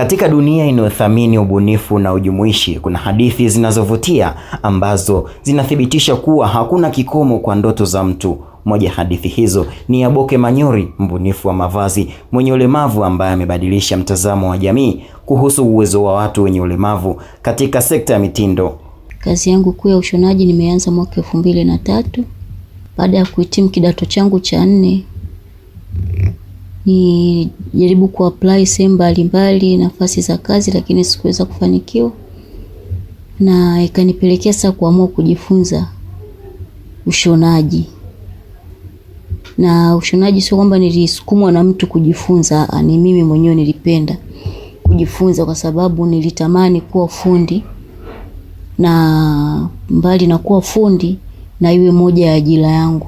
Katika dunia inayothamini ubunifu na ujumuishi, kuna hadithi zinazovutia ambazo zinathibitisha kuwa hakuna kikomo kwa ndoto za mtu. Moja ya hadithi hizo ni ya Boke Manyori, mbunifu wa mavazi mwenye ulemavu ambaye amebadilisha mtazamo wa jamii kuhusu uwezo wa watu wenye ulemavu katika sekta ya mitindo. Kazi yangu kuu ya ushonaji nimeanza mwaka elfu mbili na tatu baada ya kuhitimu kidato changu cha nne Nijaribu kuapply sehemu mbalimbali nafasi za kazi lakini sikuweza kufanikiwa na ikanipelekea sasa kuamua kujifunza ushonaji na ushonaji sio kwamba nilisukumwa na mtu kujifunza, ni mimi mwenyewe nilipenda kujifunza kwa sababu nilitamani kuwa fundi na mbali na kuwa fundi na iwe moja ya ajira yangu.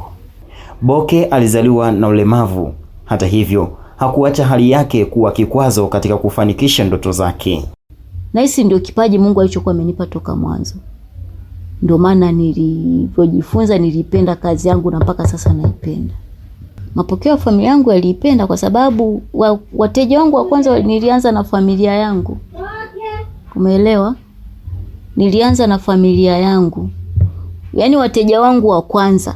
Boke alizaliwa na ulemavu hata hivyo, hakuacha hali yake kuwa kikwazo katika kufanikisha ndoto zake. Nahisi ndio kipaji Mungu alichokuwa amenipa toka mwanzo, ndio maana nilivyojifunza, nilipenda kazi yangu na mpaka sasa naipenda. Mapokeo ya familia yangu yaliipenda kwa sababu wa, wateja wangu wa kwanza nilianza na familia yangu, umeelewa? Nilianza na familia yangu, yaani wateja wangu wa kwanza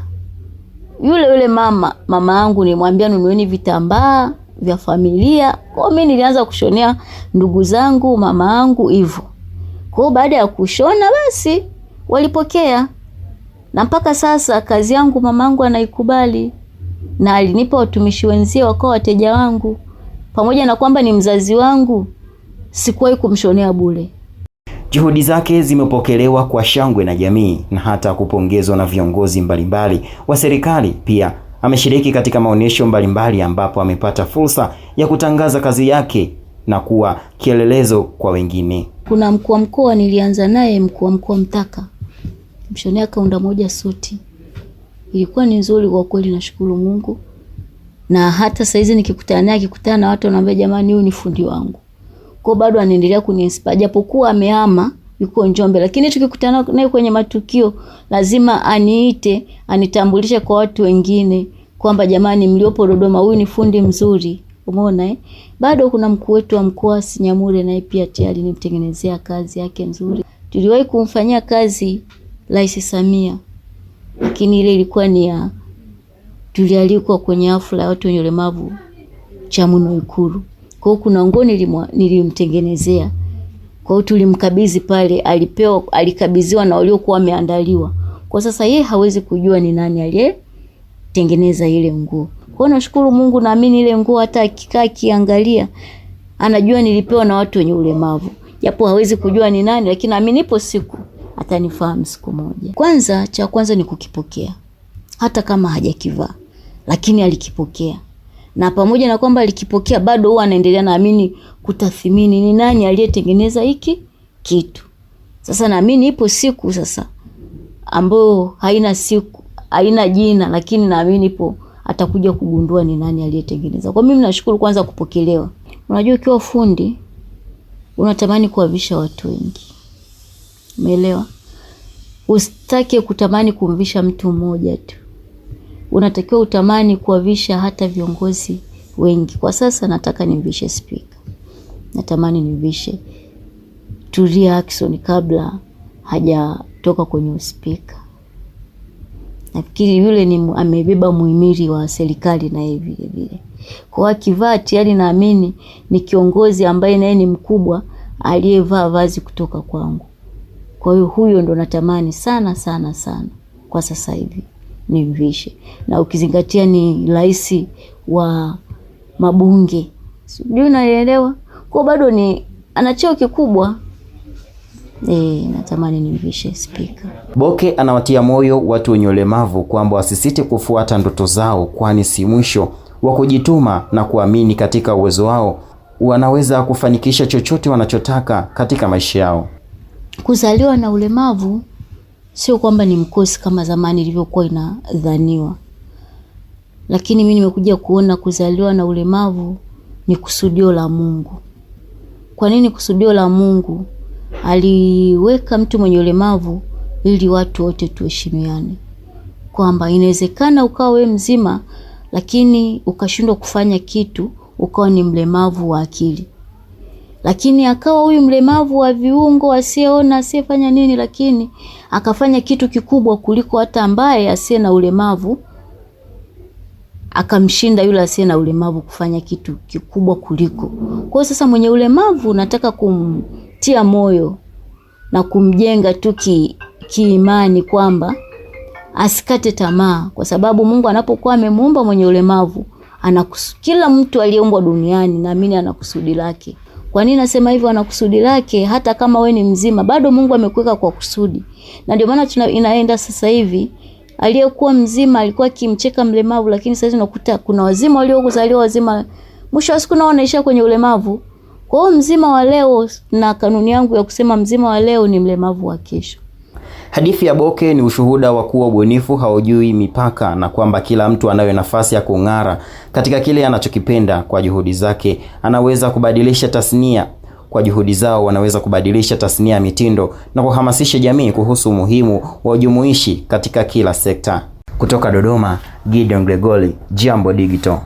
yule yule mama mama yangu nimwambia nunueni vitambaa vya familia. Kwa mimi nilianza kushonea ndugu zangu, mama yangu hivyo. Kwa baada ya kushona basi walipokea. Na mpaka sasa kazi yangu mama yangu anaikubali na alinipa watumishi wenzie wakawa wateja wangu. Pamoja na kwamba ni mzazi wangu, sikuwahi kumshonea bure. Juhudi zake zimepokelewa kwa shangwe na jamii na hata kupongezwa na viongozi mbalimbali wa serikali. Pia ameshiriki katika maonyesho mbalimbali ambapo amepata fursa ya kutangaza kazi yake na kuwa kielelezo kwa wengine. Kuna mkuu wa mkoa nilianza naye, mkuu wa mkoa Mtaka, mshonea kaunda moja suti, ilikuwa ni nzuri kwa kweli, nashukuru Mungu. Na hata saizi nikikutana naye, akikutana na watu wanaambia, jamani, huyu ni fundi wangu. Kwa bado anaendelea kuniinspire japokuwa amehama yuko Njombe, lakini tukikutana naye kwenye matukio lazima aniite, anitambulishe kwa watu wengine kwamba jamani, mliopo Dodoma, huyu ni fundi mzuri. Umeona eh? Bado kuna mkuu wetu wa mkoa Sinyamule, naye pia tayari nimtengenezea kazi yake nzuri. Tuliwahi kumfanyia kazi Rais Samia, lakini ile ilikuwa ni ya tulialikwa kwenye hafla ya watu wenye ulemavu Chamwino Ikulu. Kwa hiyo kuna nguo nilimtengenezea. Kwa hiyo tulimkabidhi pale, alipewa alikabidhiwa na waliokuwa wameandaliwa. Kwa sasa yeye hawezi kujua ni nani aliyetengeneza ile nguo. Kwa hiyo nashukuru Mungu, naamini ile nguo hata akikaa akiangalia anajua nilipewa na watu wenye ulemavu. Japo hawezi kujua ni nani, lakini naamini ipo siku atanifahamu siku moja. Kwanza cha kwanza ni kukipokea. Hata kama hajakivaa, lakini alikipokea na pamoja na kwamba likipokea bado huwa anaendelea naamini kutathimini ni nani aliyetengeneza hiki kitu. Sasa naamini ipo siku sasa ambayo haina siku haina jina, lakini naamini ipo atakuja kugundua ni nani aliyetengeneza. Kwa mimi nashukuru kwanza kupokelewa. Unajua, ukiwa fundi unatamani kuwavisha watu wengi, umeelewa? Usitake kutamani kumvisha mtu mmoja tu unatakiwa utamani kuwavisha hata viongozi wengi. Kwa sasa nataka nimvishe spika, natamani nimvishe Tulia Ackson kabla hajatoka kwenye uspika. Nafikiri yule ni amebeba muhimili wa serikali naye vile vile, kwa akivaa tayari naamini ni kiongozi ambaye naye ni mkubwa aliyevaa vazi kutoka kwangu. Kwa hiyo huyo ndo natamani sana sana sana kwa sasa hivi ni mvishe, na ukizingatia ni rais wa mabunge, sijui unaelewa, kwa bado ni ana cheo kikubwa. E, natamani nimvishe spika. Boke anawatia moyo watu wenye ulemavu kwamba wasisite kufuata ndoto zao, kwani si mwisho wa kujituma na kuamini katika uwezo wao, wanaweza kufanikisha chochote wanachotaka katika maisha yao. Kuzaliwa na ulemavu sio kwamba ni mkosi kama zamani ilivyokuwa inadhaniwa, lakini mimi nimekuja kuona kuzaliwa na ulemavu ni kusudio la Mungu. Kwa nini kusudio la Mungu? Aliweka mtu mwenye ulemavu ili watu wote tuheshimiane, kwamba inawezekana ukawa wewe mzima lakini ukashindwa kufanya kitu, ukawa ni mlemavu wa akili lakini akawa huyu mlemavu wa viungo asiyeona asiyefanya nini, lakini akafanya kitu kikubwa kuliko hata ambaye asiye na ulemavu, akamshinda yule asiye na ulemavu kufanya kitu kikubwa kuliko. Kwa hiyo sasa, mwenye ulemavu nataka kumtia moyo na kumjenga tu ki kiimani kwamba asikate tamaa, kwa sababu Mungu anapokuwa amemuumba mwenye ulemavu anakusu, kila mtu aliyeumbwa duniani naamini ana kusudi lake. Kwa nini nasema hivyo? Ana kusudi lake, hata kama we ni mzima, bado Mungu amekuweka kwa kusudi, na ndio maana tuna inaenda sasa hivi aliyekuwa mzima alikuwa akimcheka mlemavu, lakini sasa unakuta kuna wazima waliozaliwa wazima, mwisho wa siku nao wanaishia kwenye ulemavu. Kwa hiyo mzima wa leo, na kanuni yangu ya kusema mzima wa leo ni mlemavu wa kesho. Hadithi ya Boke ni ushuhuda wa kuwa ubunifu haujui mipaka na kwamba kila mtu anayo nafasi ya kung'ara katika kile anachokipenda. Kwa juhudi zake anaweza kubadilisha tasnia, kwa juhudi zao wanaweza kubadilisha tasnia ya mitindo na kuhamasisha jamii kuhusu umuhimu wa ujumuishi katika kila sekta. Kutoka Dodoma, Gideon Gregoli, Jambo Digital.